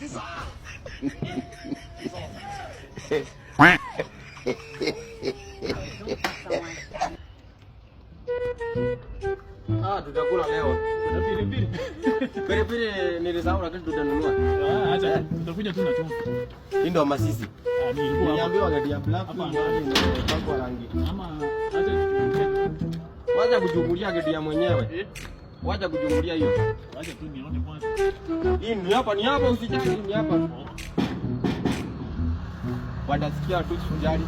Ah, tutakula leo. pilipili. nilisahau lakini tutanunua. Ah, eh? Hii ndio masisi. Ah, niliambiwa ya rangi. Wacha kuchungulia gari ya mwenyewe. Eh? Wacha kujumulia hiyo. Wacha tu nione kwanza. Hii ni hapa ni hapa usijali ni hapa. Wanasikia tu usijali.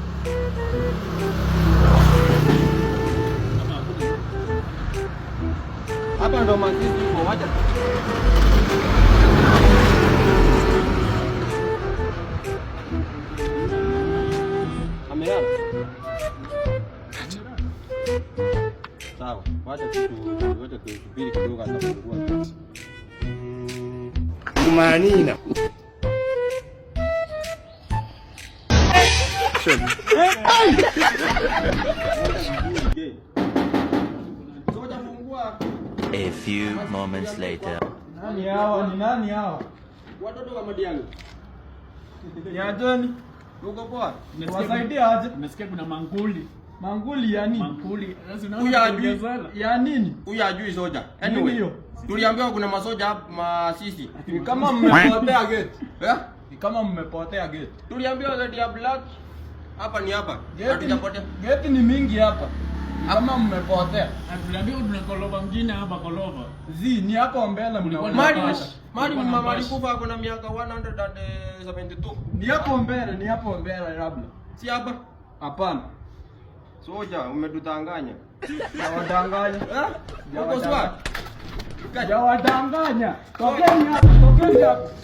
Hapa ndo mazizi kwa wacha. Amelala sawa, wacha tuweze kidogo, atafungua Manina. A few moments later. Nani hao? Ni nani hao? Watoto wa Madiango. Yajoni. Uko poa? Nimesikia kuna manguli. Manguli ya nini? Manguli. Huyo ajui. Ya nini? Huyo soja. Anyway. Tuliambiwa kuna masoja masisi. Ni kama mmepotea gate. Eh? Ni kama mmepotea gate. Tuliambiwa gate ya black. Hapa ni hapa. Hatujapotea. Gate ni mingi hapa. Kama mmepotea. Tuliambiwa tuna kolova mjini hapa koloba Zi ni hapo mbele mnaona. Mali Mali mama alikufa kuna miaka 172. Ni hapo mbele, ni hapo mbele labda. Si hapa. Hapana. Soja, umedudanganya. Jawadanganya. Uko Jawadanganya. Jawadanganya. Tokeni hapo, tokeni hapo.